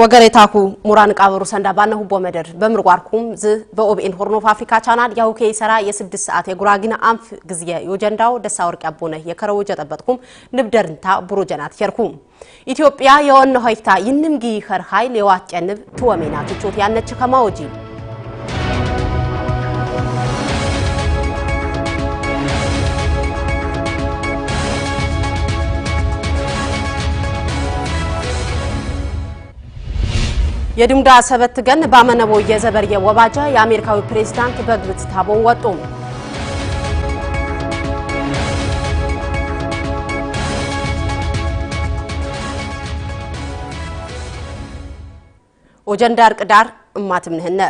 ወገሬታኩ ሙራን ቃበሩ ሰንዳ ባነሁ ቦመደር በምርጓርኩም ዝ በኦቢኤን ሆርን ኦፍ አፍሪካ ቻናል ያሁኬ ሰራ የስድስት ሰዓት የጉራጊና አንፍ ግዚየ ዮጀንዳው ደሳ ወርቅ ያቦነ የከረው ጀጠበጥኩም ንብደርንታ ብሮጀናት ቸርኩም ኢትዮጵያ የወነ ሆይታ ይንምጊ ኸርሃይ ሌዋት ጨንብ ትወሜና ትቾት ያነች ከማወጂ የድምዳ ሰበት ገን ባመነቦ የዘበርየ ወባጃ የአሜሪካዊ ፕሬዝዳንት በግብት ታቦን ወጡ። ኦጀንዳር ቅዳር እማትምንህነ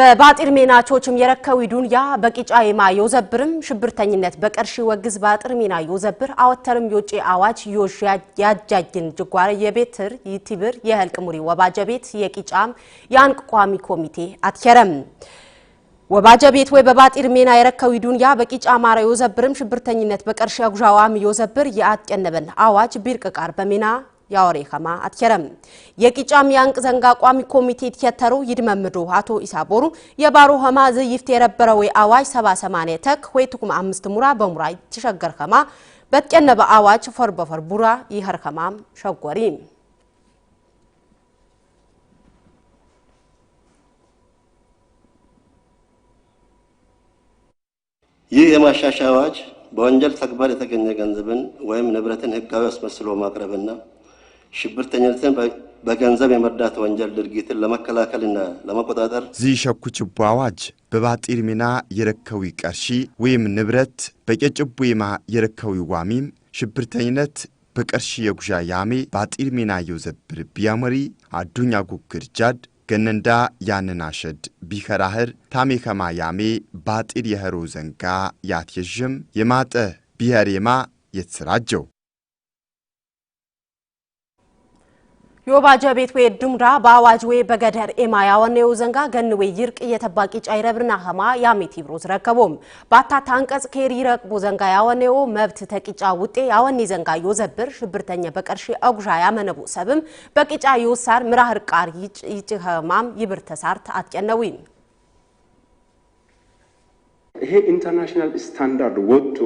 በባጢር ሜናቾችም የረከዊ ዱንያ በቂጫይማ ዮዘብርም ሽብርተኝነት በቀርሺ ወግዝ ባጢር ሜና ዮዘብር አወተርም ዮጪ አዋጅ ዮሽ ያጃጅን ጅጓር የቤትር ይቲብር የህልቅ ሙሪ ወባጀ ቤት የቂጫም የአንቅ ቋሚ ኮሚቴ አትከረም ወባጀ ቤት ወይ በባጢር ሜና የረከዊ ዱንያ በቂጫ ማራ ዮዘብርም ሽብርተኝነት በቀርሺ አጉዣዋም ዮዘብር የአትቀነበን አዋጅ ቢርቅ ቃር በሜና ያወሬ ከማ አትከረም የቂጫም የአንቅ ዘንጋ ቋሚ ኮሚቴ ትከተሩ ይድመምዱ አቶ ኢሳቦሩ የባሮ ኸማ ዘይፍት የረበረው አዋጅ 78 ተክ ወይ ትኩም አምስት ሙራ በሙራ ይተሸገር ከማ በጥቀነ አዋጅ ፈር በፈር ቡራ ይሄር ኸማም ሸጎሪ ይህ የማሻሻያ አዋጅ በወንጀል ተግባር የተገኘ ገንዘብን ወይም ንብረትን ህጋዊ አስመስሎ ማቅረብና ሽብርተኝነትን በገንዘብ የመርዳት ወንጀል ድርጊትን ለመከላከልና ለመቆጣጠር ዚህ ሸኩ ችቦ አዋጅ በባጢር ሚና የረከዊ ቀርሺ ወይም ንብረት በቄጭቡ ማ የረከዊ ዋሚም ሽብርተኝነት በቀርሺ የጉዣ ያሜ ባጢር ሚና የውዘብር ቢያመሪ አዱኛ ጉግር ጃድ ገነንዳ ያንን አሸድ ቢከራህር ታሜ ከማ ያሜ ባጢር የኸሮ ዘንጋ ያትየዥም የማጠ ቢኸሬማ የትስራጀው የወባጀ ቤት ወይ ድምራ በአዋጅ ወይ በገደር ኤማ ያወነ የውዘንጋ ገን ወይ ይርቅ የተባቂ ጫይረብና ሀማ ያሜት ይብሮዝ ረከቦም ባታ አንቀጽ ኬር ይረቅ ቦዘንጋ ያወኔው መብት ተቂጫ ውጤ ያወኔ ዘንጋ ዮዘብር ሽብርተኛ በቀርሺ አጉሻ ያመነቡ ሰብም በቂጫ ይውሳር ምራህር ቃር ይጭ ሀማም ይብር ተሳርት አትጨነዊም ይሄ ኢንተርናሽናል ስታንዳርድ ወጥቶ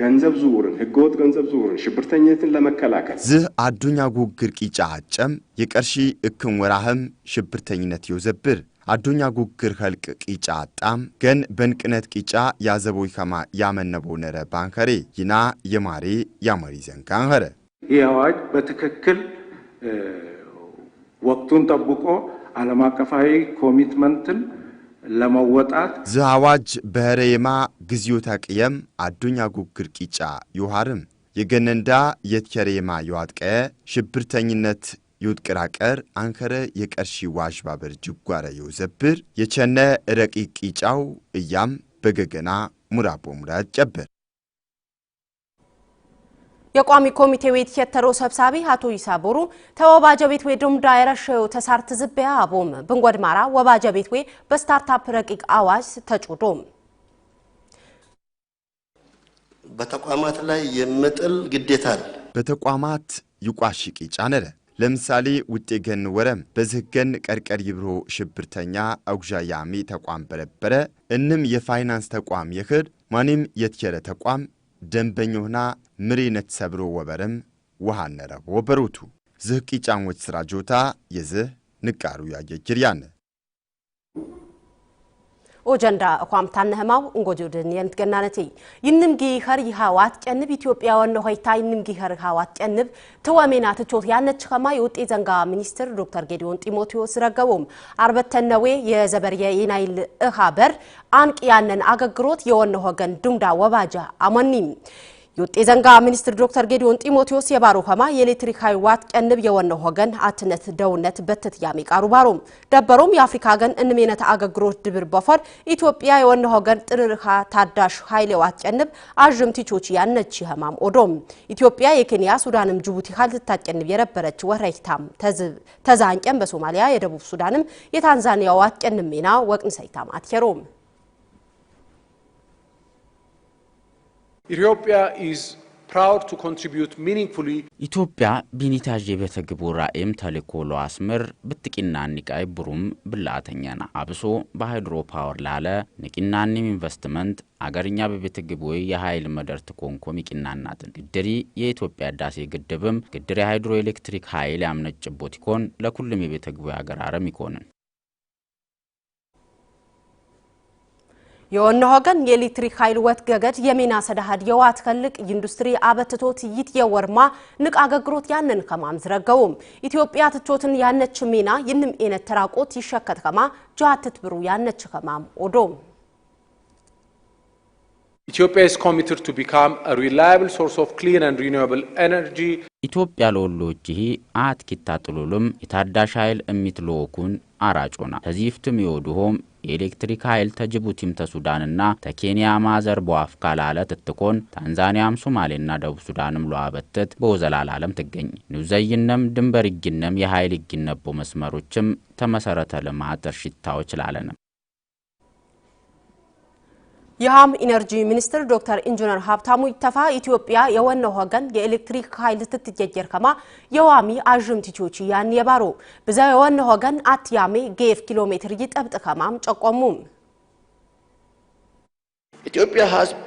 ገንዘብ ዝውውርን፣ ህገወጥ ገንዘብ ዝውውርን፣ ሽብርተኝነትን ለመከላከል ዝህ አዱኛ ጉግር ቂጫ አጨም የቀርሺ እክም ወራህም ሽብርተኝነት ይውዘብር አዱኛ ጉግር ኸልቅ ቂጫ አጣም ገን በንቅነት ቂጫ ያዘቦይ ከማ ያመነበው ነረ ባንከሬ ይና የማሬ ያመሪ ዘንካን ኸረ ይህ አዋጅ በትክክል ወቅቱን ጠብቆ ዓለም አቀፋዊ ኮሚትመንትን ለመወጣት ዝህ አዋጅ በህረ ግዚዮታ ቅየም አዱኛ ጉግር ቂጫ ይውሃርም የገነንዳ የትከሬማ የዋጥቀየ ሽብርተኝነት ይውጥቅራቀር አንከረ የቀርሺ ዋዥ ባበር ጅጓረ የውዘብር የቸነ ረቂቅ ቂጫው እያም በገገና ሙራቦ ሙራ ጨበር የቋሚ ኮሚቴ ቤት የተሮ ሰብሳቢ አቶ ይሳቦሩ ተወባጀ ቤት ወይ ድም የረሸው ተሳርት ዝበያ አቦም ብንጎድማራ ወባጀ ቤት ወይ በስታርታፕ ረቂቅ አዋጅ ተጩዶም በተቋማት ላይ የምጥል ግዴታል በተቋማት ይቋሽቅ ጫነረ ለምሳሌ ውጤ ገን ወረም በዚህ ገን ቀርቀር ይብሮ ሽብርተኛ አጉዣ ያሚ ተቋም በረበረ እንም የፋይናንስ ተቋም የክድ ማንም የትየረ ተቋም ደንበኞና ምሪነት ሰብሮ ወበርም ውሃነረብ ወበሮቱ ዝህ ቂጫንዎች ስራ ጆታ የዝህ ንቃሩ ያየ ያነ ኦጀንዳ ኳምታነ ህማው እንጎጆድን የምትገናነቴ ይንም ጊኸር ይሃዋት ጨንብ ኢትዮጵያ ወነ ሆይታ ይንም ጊኸር ይሃዋት ጨንብ ተወሜና ትቾት ያነች ከማ የውጤ ዘንጋ ሚኒስትር ዶክተር ጌዲዮን ጢሞቴዎስ ረገቦም አርበተነዌ የዘበርየ የናይል እሃበር አንቅ ያነን አገግሮት የወነ ሆገን ዱምዳ ወባጃ አመኒም የውጤ ዘንጋ ሚኒስትር ዶክተር ጌዲዮን ጢሞቴዎስ የባሮ ኸማ የኤሌክትሪክ ኃይል ዋት ቀንብ የወነ ሆገን አትነት ደውነት በትት ያሚ ቃሩ ባሮም ደበሮም የአፍሪካ ሀገን እንሜነት አገግሮት ድብር በፈር ኢትዮጵያ የወነ ሆገን ጥርርካ ታዳሽ ኃይል ዋት ቀንብ አዥም ቲቾች ያነች ኸማም ኦዶም ኢትዮጵያ የኬንያ ሱዳንም ጅቡቲ ኃይል ትታቀንብ የረበረች ወረይታም ተዛንቀን በሶማሊያ የደቡብ ሱዳንም የታንዛኒያ ዋት ቀንብ ሜና ወቅን ሰይታም አትከሮም ኢትዮጵያ ቢኒታጅ የቤተ ግቡ ራእይም ተልኮ ለዋስምር ብትቂና ኒቃይ ብሩም ና አብሶ በሃይድሮ ፓወር ላለ ንቂናኒም ኢንቨስትመንት አገርኛ በቤተ ወይ የኃይል መደር ትኮንኮም ይቂናናትን ግድሪ የኢትዮጵያ ዳሴ ግድብም ግድር የሃይድሮ ኤሌክትሪክ ኃይል ያምነጭቦት ይኮን ለኩልም የቤተ የቤተግቡ አገራረም ይኮንን የወነ ሆገን የኤሌክትሪክ ኃይል ወት ገገድ የሚና ሰዳሃድ የዋት ከልቅ ኢንዱስትሪ ትይት የወርማ ንቅ አገግሮት ያንን ከማም ዝረገውም ኢትዮጵያ ትቾትን ያነች ሚና ይንም ኤነት ተራቆት ይሸከት ከማ ጃትት ብሩ ያነች ከማም ኦዶም ኢትዮጵያ is committed to become a reliable source of clean and renewable energy ኢትዮጵያ ለወሎች ይህ አት ኪታጥሉሉም የታዳሽ ኃይል እሚትለወኩን አራጮና ተዚፍትም ይወድሆም የኤሌክትሪክ ኃይል ተጅቡቲም ተሱዳንና ተኬንያ ማዘር በዋፍ ካላለ ትትኮን ታንዛኒያም ሶማሌና ደቡብ ሱዳንም ለዋበትት በወዘላላለም ትገኝ ኒውዘይነም ድንበር ይግነም የኃይል ይግነቦ መስመሮችም ተመሰረተ ልማት እርሽታዎች ላለንም የሃም ኢነርጂ ሚኒስትር ዶክተር ኢንጂነር ሀብታሙ ይተፋ ኢትዮጵያ የወነ ሀገን የኤሌክትሪክ ኃይል ትትጀጀር ከማ የዋሚ አዥም ቲቾች ያን የባሮ ብዛ የወነ ሀገን አትያሜ ጌፍ ኪሎ ሜትር ይጠብጥ ከማም ጨቆሙ ኢትዮጵያ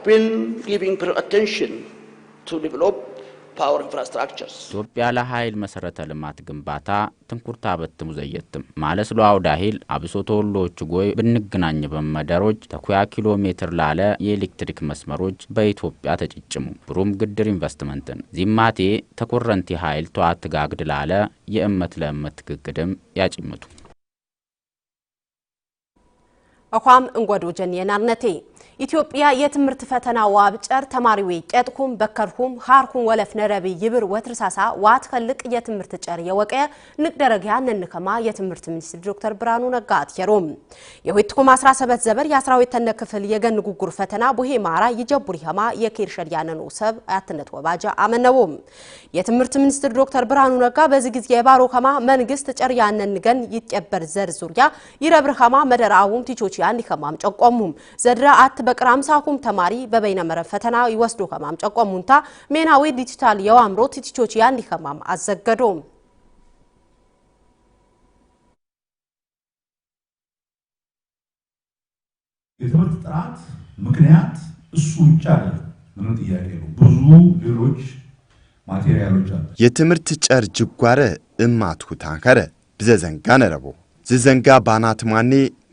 ቢን ጊቪንግ ፕሪ አቴንሽን ቱ ዲቨሎፕ ፓወር ኢንፍራስትራክቸርስ ኢትዮጵያ ለኃይል መሰረተ ልማት ግንባታ ትንኩርታ በትሙ ዘየትም ማለስ ሎ ዳሂል አብሶ ተወሎቹ ጎይ ብንገናኝ በመደሮች ተኩያ ኪሎ ሜትር ላለ የኤሌክትሪክ መስመሮች በኢትዮጵያ ተጭጭሙ ብሩም ግድር ኢንቨስትመንትን ዚማቴ ተኮረንቲ ኃይል ተዋትጋግድ ላለ የእመት ለእመት ግግድም ያጭምቱ አኳም እንጎዶ ጀንየናርነቴ ኢትዮጵያ የትምህርት ፈተና ዋብጨር ተማሪዊ ቄጥኩም በከርኩም ሃርኩም ወለፍ ነረቢ ይብር ወትርሳሳ ዋትከልቅ የትምህርት ጨር የወቀ ንቅደረጊያ ነንከማ የትምህርት ሚኒስትር ዶክተር ብርሃኑ ነጋ አትየሮም የሁትኩም 17 ዘበር የአስራዊት ተነ ክፍል የገን ጉጉር ፈተና ቡሄ ማራ ይጀቡር ሄማ የኬር ሸልያነኑ ሰብ አትነት ወባጃ አመነቦም የትምህርት ሚኒስትር ዶክተር ብርሃኑ ነጋ በዚህ ጊዜ የባሮ ከማ መንግስት ጨር ያነን ገን ይቀበር ዘር ዙሪያ ይረብር ከማ መደራውም ቲቾች ያን ከማም ጨቆሙም ዘድራ አት በቅራምሳኩም ተማሪ በበይነ መረብ ፈተና ይወስዶ ከማም ጨቆሙንታ ሜናዊ ዲጂታል የዋምሮ ቲቲቾች ያን ከማም አዘገዶም የትምህርት ጥራት ምክንያት እሱ ውጭ አለ ምንም ጥያቄ ነው። ብዙ ሌሎች ማቴሪያሎች አለ። የትምህርት ጨር ጅጓረ ታንከረ ብዘዘንጋ ነረቦ ዝዘንጋ ባናት ማኔ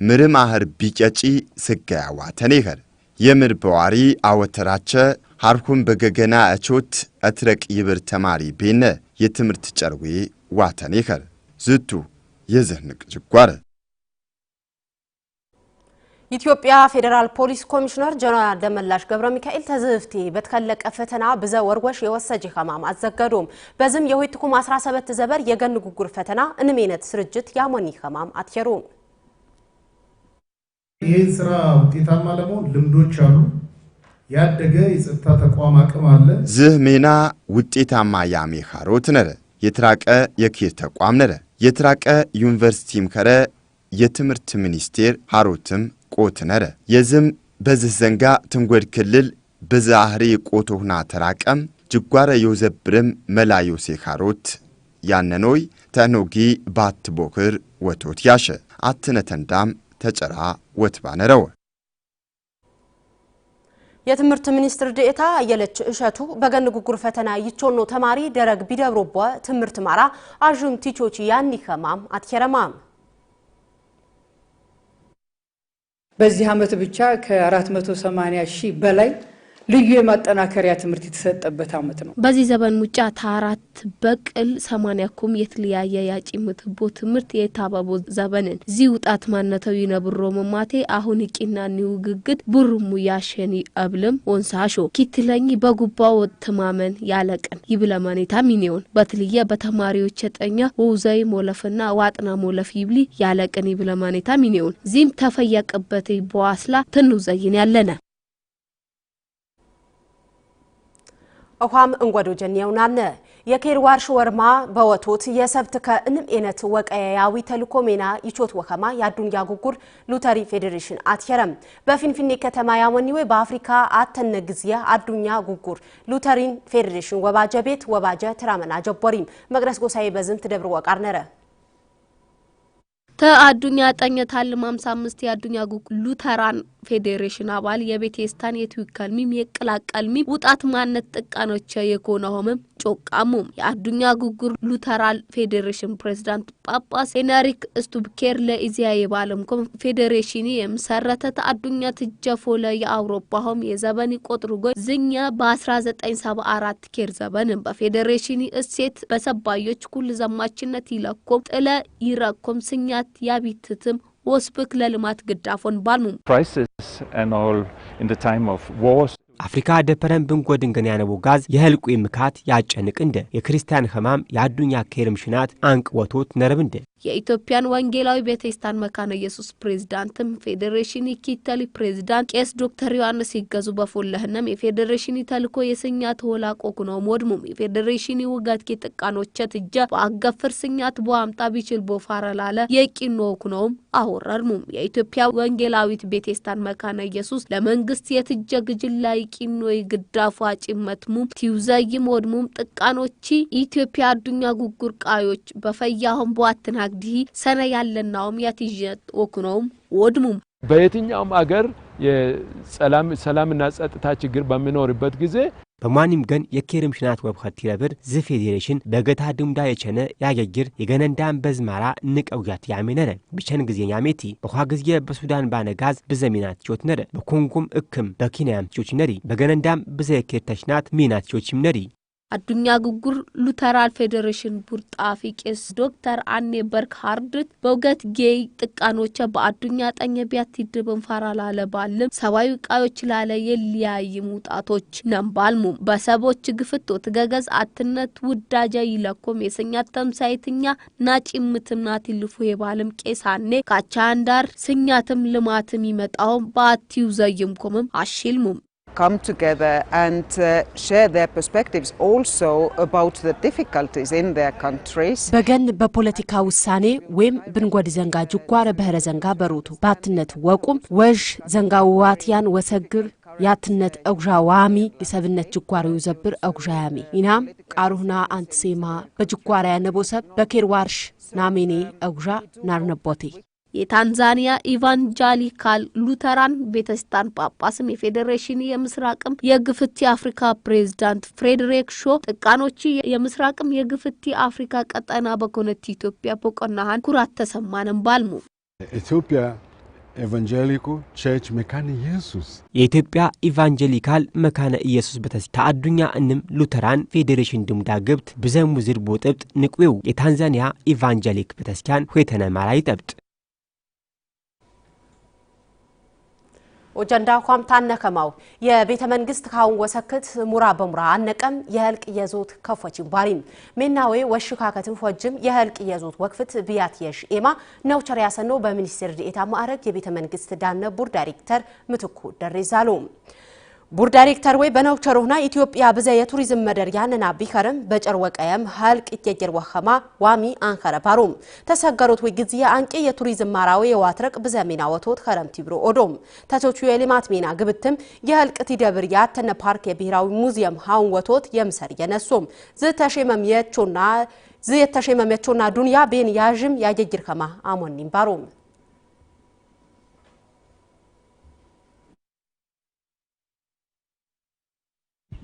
ምርም አህር ቢቀጪ ስጋያዋ ተኔኸር የምር በዋሪ አወተራቸ ሃርኩን በገገና እቾት እትረቅ ይብር ተማሪ ቤነ የትምህርት ጨርዌ ዋተኔኸር ዝቱ የዝህንቅ ጅጓር ኢትዮጵያ ፌዴራል ፖሊስ ኮሚሽነር ጀነራል ደመላሽ ገብረ ሚካኤል ተዝፍቲ በተከለቀ ፈተና ብዘ ወርወሽ የወሰጅ ኸማም አዘገዶም በዝም የሆይትኩም 17 ዘበር የገን ጉጉር ፈተና እንሜነት ስርጅት ያሞኒ ኸማም አትየሩም ይህን ስራ ውጤታማ ለመሆን ልምዶች አሉ ያደገ የጸጥታ ተቋም አቅም አለ ዝህ ሜና ውጤታማ ያሜ ኻሮት ነረ የትራቀ የኬር ተቋም ነረ የትራቀ ዩኒቨርሲቲም ከረ የትምህርት ሚኒስቴር ነረ የዝም በዝህ ዘንጋ ትንጐድ ክልል ብዛህሪ ቆቶሁና ተራቀም ጅጓረ ዮዘብርም መላ ዮሴ ኻሮት ያነኖይ ተኖጊ ባት ቦክር ወቶት ያሸ አትነተንዳም ተንዳም ተጨራ ወትባነረወ የትምህርት ሚኒስትር ዴኤታ አየለች እሸቱ በገን ጉጉር ፈተና ይቾኖ ተማሪ ደረግ ቢደብሮቧ ትምህርት ማራ አዥም ቲቾች ያኒ ኸማም አትኬረማም በዚህ ዓመት ብቻ ከ480 ሺህ በላይ ልዩ የማጠናከሪያ ትምህርት የተሰጠበት አመት ነው። በዚህ ዘመን ሙጫ ታራት በቅል ኩም የትለያየ ያጪም ትቦ ትምህርት የታበቦ ዘመንን እዚህ ውጣት ማነተው ይነብሮ መማቴ አሁን እቂና ኒውግግድ ቡርሙ ያሸኒ አብልም ወንሳሾ ኪትለኝ በጉባ ወትማመን ያለቀን ይብለማኔታ ሚኒዮን በትልየ በተማሪዎች የጠኛ ወውዛይ ሞለፍና ዋጥና ሞለፍ ይብሊ ያለቀን ይብለማኔታ ሚኒዮን ዚህም ተፈያቀበት በዋስላ ትንውዘይን ያለነ እኋም እንጎዶ ጀኒያውናነ የኬርዋር ሽወርማ በወቶት የሰብትከ እንም ኤነት ወቀያያዊ ተልኮ ሜና ይቾት ወከማ የአዱንያ ጉጉር ሉተሪ ፌዴሬሽን አትየረም በፊንፊኔ ከተማ ያወኒዌ በአፍሪካ አተነ ግዚያ አዱኛ ጉጉር ሉተሪን ፌዴሬሽን ወባጀ ቤት ወባጀ ትራመና ጀቦሪም መቅደስ ጎሳዬ በዝምት ደብር ወቃር ነረ ተአዱኛ ጠኘ ማምሳ አምስት የአዱኛ ጉቅ ሉተራን ፌዴሬሽን አባል የቤቴስታን የትዊካልሚም የቅላቀልሚም ውጣት ማነት ጥቃኖች የኮነ ሆመም ጮቃሙ የአዱኛ ጉጉር ሉተራል ፌዴሬሽን ፕሬዝዳንት ጳጳስ ሄነሪክ ስቱብኬር ለኢዚያ የባለም የባለምኮም ፌዴሬሽን የምሰረተ ተአዱኛ ትጀፎለ የአውሮፓ ሆም የዘበኒ ቆጥሩ ጎ ዝኛ በ1974 ኬር ዘበን በፌዴሬሽን እሴት በሰባዮች ኩል ዘማችነት ይለኮም ጥለ ይረኮም ስኛ ሰባት ያቢትትም ወስብክ ለልማት ግዳፎን ባልሙ አፍሪካ ደፐረን ብንጎድን ግን ያነቡ ጋዝ የህልቁ ምካት ያጨንቅ እንደ የክርስቲያን ህማም የአዱኛ ኬርምሽናት አንቅ ወቶት ነረብ እንደ የኢትዮጵያን ወንጌላዊ ቤተክርስቲያን መካነ ኢየሱስ ፕሬዝዳንትም ፌዴሬሽን ይኪተል ፕሬዝዳንት ቄስ ዶክተር ዮሐንስ ይገዙ በፎለህነም የፌዴሬሽን ተልኮ የስኛት ሆላቆ ኩኖም ወድሙም የፌዴሬሽን ውጋት ኪጥቃኖቸት እጀ በአገፍር ስኛት በአምጣ ቢችል ቦፋረ የቂኖ ኩኖም አወረርሙም የኢትዮጵያ ወንጌላዊት ቤተክርስቲያን መካነ ኢየሱስ ለመንግስት የትጀ ግጅል ላይ ቂኖ ይግዳፏ ጭመትሙም ቲውዘይም ወድሙም ጥቃኖች ኢትዮጵያ አዱኛ ጉጉር ቃዮች በፈያሁን ቧትና ናግዲህ ሰነ ያለናውም ያትጀት ወኩኖም ወድሙም በየትኛውም አገር የሰላምና ጸጥታ ችግር በሚኖርበት ጊዜ በማንም ገን የኬርም ሽናት ወብኸት ረብር ዝ ፌዴሬሽን በገታ ድምዳ የቸነ ያገግር የገነንዳን በዝማራ ንቀውያት ያሜ ብቸን ጊዜ ያሜቲ በኋ ጊዜ በሱዳን ባነጋዝ ብዘሚናት ቾት ነረ በኮንጎም እክም በኬንያም ቾች ነሪ በገነንዳም ብዘ የኬር ተሽናት ሚናት ቾችም ነሪ አዱኛ ጉጉር ሉተራል ፌዴሬሽን ቡርጣፊ ቄስ ዶክተር አኔ በርክ ሀርድት በውገት ጌይ ጥቃኖቸ በአዱኛ ጠኘ ቢያት ይድብን ፋራ ላለ ባልም ሰብአዊ ቃዮች ላለ የሊያይ ሙጣቶች ነምባልሙ በሰቦች ግፍቶ ትገገዝ አትነት ውዳጃ ይለኮም የሰኛ ተምሳይትኛ ናጭምትም ናት ይልፉ የባልም ቄስ አኔ ካቻ አንዳር ስኛትም ልማትም ይመጣውም በአትዩ ዘይምኩምም አሽልሙም come together and uh, share their perspectives also about the difficulties in their countries. በገን በፖለቲካ ውሳኔ ወይም ብንጐድ ዘንጋ ጅጓረ ብሔረ ዘንጋ በሮቱ ባትነት ወቁም ወዥ ዘንጋ ዋትያን ወሰግር ያትነት አጉዣ ዋሚ የሰብነት ጅጓሪ ዘብር አጉዣ ያሚ ኢናም ቃሩህና አንትሴማ በጅጓራ ያነቦሰብ በኬርዋርሽ ናሜኔ አጉዣ ናርነቦቴ የታንዛኒያ ኢቫንጃሊካል ሉተራን ቤተስታን ጳጳስም የፌዴሬሽን የምስራቅም የግፍቲ አፍሪካ ፕሬዝዳንት ፍሬድሪክ ሾ ጥቃኖች የምስራቅም የግፍቲ አፍሪካ ቀጠና በኮነት ኢትዮጵያ ቦቆናሃን ኩራት ተሰማንም ባልሙ ኢትዮጵያ ኤቫንጀሊኮ ቸርች መካነ ኢየሱስ የኢትዮጵያ ኢቫንጀሊካል መካነ ኢየሱስ በተስታ አዱኛ እንም ሉተራን ፌዴሬሽን ድምዳ ግብት ብዘሙ ዝድቦ ጥብጥ ንቅዌው የታንዛኒያ ኢቫንጀሊክ ቤተክርስቲያን ሆይተነ ማላይ ጠብጥ ወጀንዳ ኳምታ ነከማው የቤተ መንግስት ካሁን ወሰክት ሙራ በሙራ አነቀም የህልቅ የዞት ከፎችን ባሪም ሜናዌ ወሽካከትን ፎጅም የህልቅ የዞት ወክፍት ብያት የሽ ኤማ ነው ቸሪያሰኖ በሚኒስቴር ዲኤታ ማዕረግ የቤተ መንግስት ዳነ ቡር ዳይሬክተር ምትኩ ደሬዛሉ ቡር ዳይሬክተር ወይ በነውቸሮና ኢትዮጵያ ብዘ የቱሪዝም መደር ያንና ቢከርም በጨር ወቀየም ሀልቅ የጀር ወኸማ ዋሚ አንከረፓሩም ተሰገሮት ወይ ጊዜ አንቄ የቱሪዝም ማራዊ የዋትረቅ ብዘ ሚና ወቶት ከረምቲ ብሮ ኦዶም ተቾቹ የልማት ሚና ግብትም የህልቅ ቲደብር ያተነ ፓርክ የብሔራዊ ሙዚየም ሀውን ወቶት የምሰር የነሱም ዝተሸመም የቾና ዝተሸመም የቾና ዱንያ ቤን ያዥም ያጀጅር ከማ አሞኒም ባሩም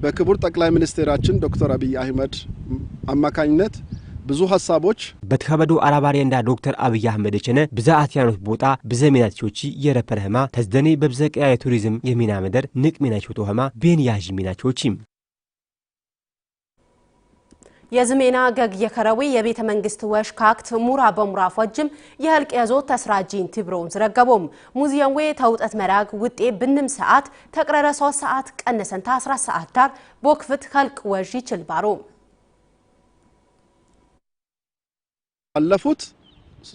በክቡር ጠቅላይ ሚኒስትራችን ዶክተር አብይ አህመድ አማካኝነት ብዙ ሀሳቦች በተከበዱ አራባሪ እንዳ ዶክተር አብይ አህመድ ችነ ብዛ አትያኖች ቦታ ብዘ ሚናቸዎች የረፐረ ተዝደኔ በብዘ ቀያ የቱሪዝም የሚና መደር ንቅ ሚናቸው ተሆማ ቤንያዥ ሚናቸዎችም የዝሜና ገግ የከረዊ የቤተ መንግስት ወሽ ካክት ሙራ በሙራ ፈጅም የህልቅ የዞት ተስራጂን ትብሮውን ዝረገቦም ሙዚየም ወይ ተውጠት መራግ ውጤ ብንም ሰዓት ተቅረረ 3 ሰዓት ቀነሰንታ 14 ሰዓት ዳር ቦክፍት ህልቅ ወዥ ይችል ባሮ ባለፉት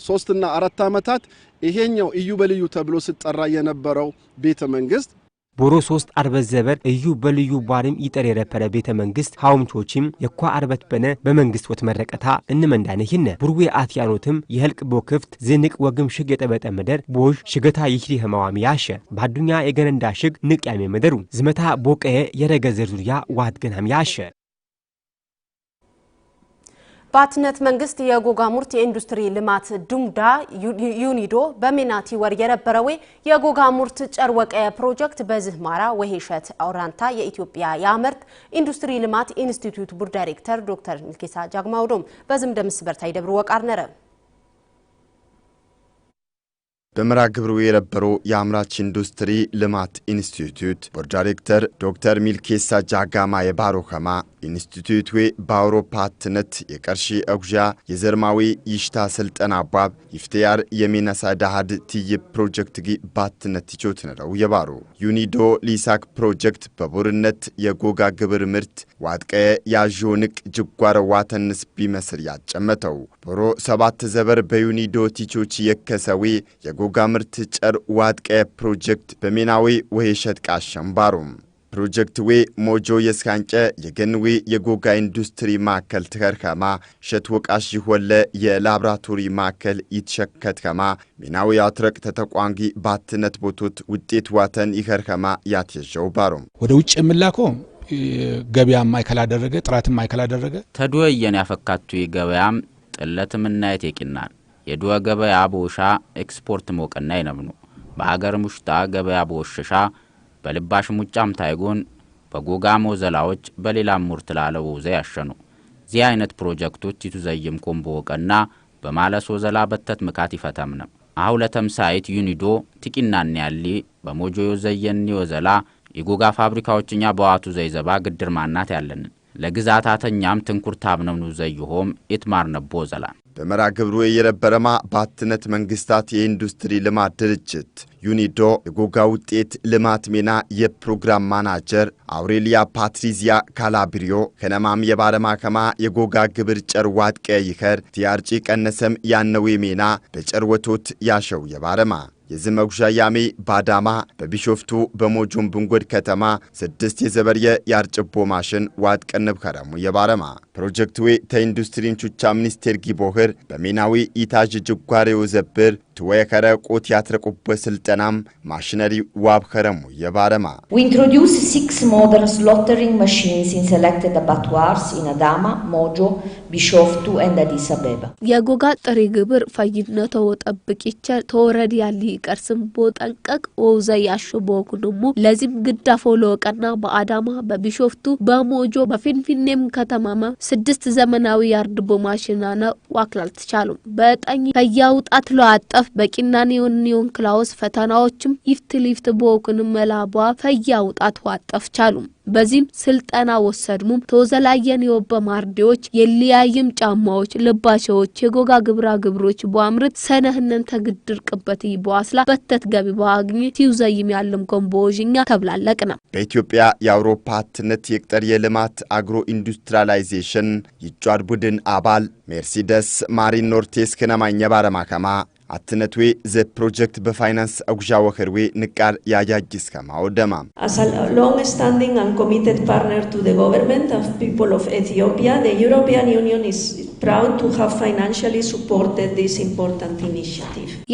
ሶስትና አራት ዓመታት ይሄኛው እዩ በልዩ ተብሎ ሲጠራ የነበረው ቤተ መንግስት ቦሮ ሶስት አርበት ዘበር እዩ በልዩ ቧሪም ይጠር የረፈረ ቤተ መንግስት ሀውምቾችም የኳ አርበት በነ በመንግስት ወት መረቀታ እንመንዳነህ ቡርዌ አትያኖትም የህልቅ ቦክፍት ዝንቅ ወግም ሽግ የጠበጠ መደር ቦዥ ሽገታ ይሽሪ ህመዋሚ ያሸ ባዱኛ የገነንዳ ሽግ ንቅ ያሜ መደሩ ዝመታ ቦቀየ የረገ ዝርዙሪያ ዋት ገናም ያሸ ባትነት መንግስት የጎጋ ሙርት የኢንዱስትሪ ልማት ዱምዳ ዩኒዶ በሚናቲ ወር የነበረው የጎጋ ሙርት ጨርወቀ ፕሮጀክት በዚህ ማራ ወሄሸት አውራንታ የኢትዮጵያ የአመርት ኢንዱስትሪ ልማት ኢንስቲትዩት ቡር ዳይሬክተር ዶክተር ሚልኬሳ ጃግማውዶም በዝም ደምስ በርታይ ደብሩ ወቃር ነረ በምራ ግብሩ የነበሩ የአምራች ኢንዱስትሪ ልማት ኢንስቲትዩት ቦርድ ዳይሬክተር ዶክተር ሚልኬሳ ጃጋማ የባሮ ኸማ ኢንስቲትዩት ዌ በአውሮፓ ትነት የቀርሺ እጉዣ የዘርማዊ ይሽታ ስልጠና አቧብ ይፍትያር የሚነሳ ዳሃድ ትይ ፕሮጀክት ጊ ባትነት ይቾት ነረው የባሩ ዩኒዶ ሊሳክ ፕሮጀክት በቡርነት የጎጋ ግብር ምርት ዋጥቀ ያዦ ንቅ ጅጓር ዋተንስ ቢመስል ያጨመተው ቦሮ ሰባት ዘበር በዩኒዶ ቲቾች የከሰዌ የጎ ምርት ጨር ዋትቀ ፕሮጀክት በሜናዊ ወይ ሸጥቃ ወሄሸት ፕሮጀክት ፕሮጀክትዌ ሞጆ የስካንጨ የገንዊ የጎጋ ኢንዱስትሪ ማዕከል ትኸርከማ ሸት ወቃሽ ይሆለ የላብራቶሪ ማዕከል ይትሸከትከማ ሜናዊ አትረቅ ተተቋንጊ ባትነት ቦቶት ውጤት ዋተን ይኸርከማ ያትየዣው ባሩ ወደ ውጭ የምላኮ ገበያ ማይከል አደረገ ጥራት ማይከል አደረገ ተድወየን ያፈካቱ ገበያም ጥለትምና የቴቂናል የድወ ገበያ ቦሻ ኤክስፖርት ሞቀናይ ነብኑ በሀገር ውሽጣ ገበያ ቦሸሻ በልባሽ ሙጫም ታይጎን በጎጋሞ ዘላዎች በሌላም ሙርት ላለው ውዘ ያሸኑ ዚህ አይነት ፕሮጀክቶች ይቱዘይም ኮምቦ ወቀና በማለሶ ዘላ በተት ምካት ይፈተምነም አሁ ለተምሳይት ዩኒዶ ቲቂናን ያሊ በሞጆዮ ዘየኒ ወዘላ የጎጋ ፋብሪካዎችኛ በዋቱ ዘይዘባ ግድር ማናት ያለንን ለግዛታተኛም ትንኩርታብነምኑ ዘይሆም ኢትማር ነቦ ዘላ በመራ ግብሩ የየረበረማ በአትነት መንግስታት የኢንዱስትሪ ልማት ድርጅት ዩኒዶ የጎጋ ውጤት ልማት ሜና የፕሮግራም ማናጀር አውሬሊያ ፓትሪዚያ ካላብሪዮ ከነማም የባለማከማ የጎጋ ግብር ጨር ጨርዋት ይኸር ቲያርጪ ቀነሰም ያነዌ ሜና በጨርወቶት ያሸው የባረማ የዚህ መጉሻ ያሜ ባዳማ በቢሾፍቱ በሞጆም ብንጎድ ከተማ ስድስት የዘበርየ የአርጭቦ ማሽን ዋት ቀንብ ከረሙ የባረማ ፕሮጀክት ዌ ተኢንዱስትሪን ቹቻ ሚኒስቴር ጊቦህር በሜናዊ ኢታዥ ጅጓር የወዘብር ትወ የከረ ቆት ያትረቁበ ስልጠናም ማሽነሪ ዋብ ከረሙ የባረማ We introduce six modern slaughtering machines in selected abattoirs in Adama, ቢሾፍቱ ኤንድ አዲስ አበባ የጎጋ ጥሪ ግብር ፈይነቶ ጠብቂቸ ተወረድ ያሊ ይቀርስም ቦ ጠንቀቅ ወውዘ ያሹ ቦኩንሙ ለዚም ግዳ ፎሎ ቀና በአዳማ በቢሾፍቱ በሞጆ በፊንፊኔም ከተማማ ስድስት ዘመናዊ ያርድ ቦማሽናና ማሽናነ ዋክላል ትቻሉም በጠኝ ከያውጣት ለአጠፍ በቂናኒዮን የሆንዮን ክላውስ ፈተናዎችም ይፍት ሊፍት ቦኩንም መላቧ ፈያውጣት ዋጠፍ ቻሉም በዚህም ስልጠና ወሰድሙም ተወዘላየን የወበ ማርዴዎች የሊያይም ጫማዎች ልባቸዎች የጎጋ ግብራ ግብሮች በአምርት ሰነህነን ተግድር ቅበት በዋስላ በተት ገቢ በአግኝ ሲውዘይም ያለም ጎንቦዥኛ ተብላለቅነ በኢትዮጵያ የአውሮፓ አትነት የቅጠር የልማት አግሮ ኢንዱስትሪያላይዜሽን ይጯድ ቡድን አባል ሜርሲደስ ማሪን ኖርቴስ ክነማኘ ባረማከማ አትነት ዘ ፕሮጀክት በፋይናንስ አጉዣ ወኸርዌ ንቃል ያጃጅስ ከማው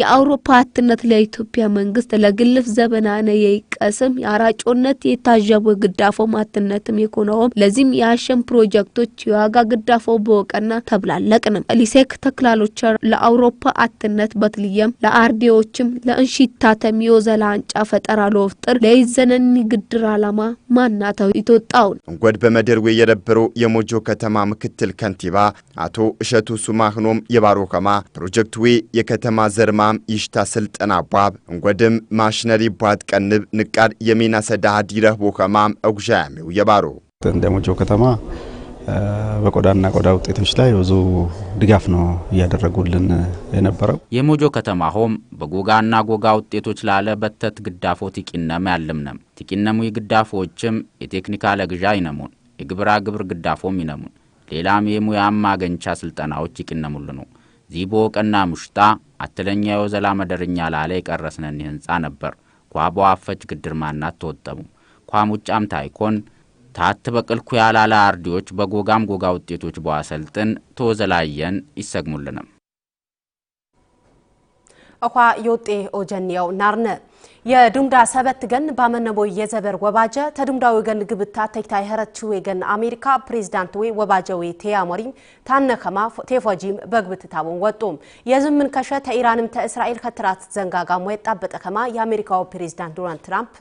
የአውሮፓ አትነት ለኢትዮጵያ መንግስት ለግልፍ ዘበናነ የይቅ ጠቀስም የአራጮነት የታዣቡ ግዳፎ ማትነትም የኮነውም ለዚህም የአሸም ፕሮጀክቶች የዋጋ ግዳፎ በወቀና ተብላለቅንም ሊሴክ ተክላሎች ለአውሮፓ አትነት በትልየም ለአርዴዎችም ለእንሽታ የወዘላ አንጫ ፈጠራ ለወፍጥር ለይዘነኒ ግድር አላማ ማናተው ኢትዮጵያውን እንጎድ በመደርዌ የነበሩ የሞጆ ከተማ ምክትል ከንቲባ አቶ እሸቱ ሱማህኖም የባሮከማ ፕሮጀክት ዌ የከተማ ዘርማም ይሽታ ስልጠና ቧብ እንጎድም ማሽነሪ ቧት ቀንብ ንቅ ቃድ የሚናሰዳ ዲረህ ቦከማ እጉዣያሚው የባሮ እንደ ሞጆ ከተማ በቆዳና ቆዳ ውጤቶች ላይ ብዙ ድጋፍ ነው እያደረጉልን የነበረው። የሞጆ ከተማ ሆም በጎጋና ጎጋ ውጤቶች ላለ በተት ግዳፎ ቲቂነም ያልምነም ቲቂነሙ የግዳፎዎችም የቴክኒካ ለግዣ ይነሙን የግብራ ግብር ግዳፎም ይነሙን ሌላም የሙያ ማገንቻ ስልጠናዎች ይቅነሙል ነው ዚቦ ቀና ሙሽጣ አትለኛ የወዘላ መደርኛ ላለ የቀረስነን ህንፃ ነበር ኳበዋፈች ግድር ማናት ተወጠሙ ኳሙጫም ታይኮን ታት በቅልኩ ያላላ አርዲዎች በጎጋም ጎጋ ውጤቶች በዋሰልጥን ተወዘላየን ይሰግሙልንም እኳ የውጤ ኦጀንያው ናርነ የዱምዳ ሰበት ገን ባመነቦ የዘበር ወባጀ ተዱምዳዊ ገን ግብታ ተክታ የኸረችው ገን አሜሪካ ፕሬዝዳንት ወይ ወባጀ ወይ ቴያሞሪም ታነከማ ቴፎጂም በግብት ታቦን ወጡም የዝምን ከሸ ተኢራንም ተእስራኤል ከትራት ዘንጋጋሞ የጣበጠ ከማ የአሜሪካው ፕሬዝዳንት ዶናልድ ትራምፕ